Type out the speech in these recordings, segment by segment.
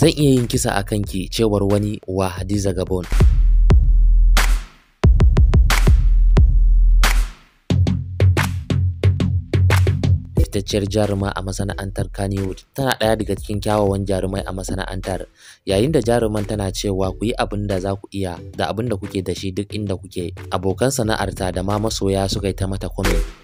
zan iya yin kisa a kanki cewar wani wa Hadiza Gabon. fitacciyar jaruma a masana'antar Kannywood tana ɗaya daga cikin kyawawan jarumai a masana'antar yayin da jaruman tana cewa ku yi abin da za ku iya da abin da kuke da shi duk inda kuke abokan sana'arta da ma masoya suka yi ta mata comment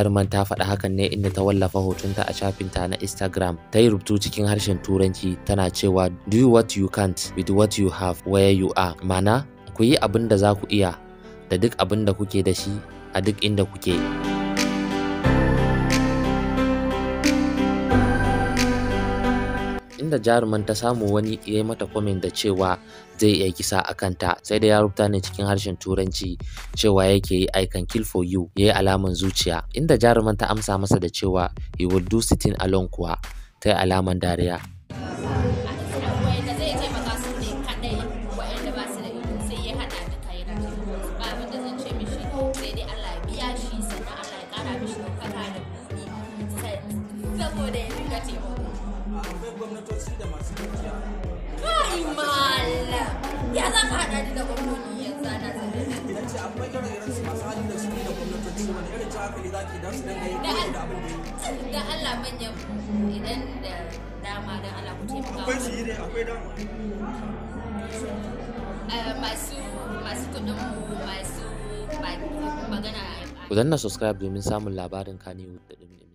jaruman ta faɗa hakan ne inda ta wallafa hotunta a shafinta na Instagram. Ta yi rubutu cikin harshen Turanci tana cewa do what you can't with what you have where you are. Mana ku yi abin da za ku iya da duk abin da kuke da shi a duk inda kuke. da jaruman ta samu wani ya yi mata komen da cewa zai iya kisa a kanta sai da ya rubuta ne cikin harshen turanci cewa yake yi i can kill for you ya yi alaman zuciya inda jaruman ta amsa masa da cewa he will do sitting alone kuwa ta yi alaman dariya saboda ya kuma akwai gwamnatoci da masu Kai mala! Ya za ka haɗa da gwamnoni yanzu ana da su da gwamnatoci wani da abin da yi. Da Allah ku taimaka. Eh, masu masu masu magana. Ku danna subscribe domin samun labarin Kaniwood da ɗumi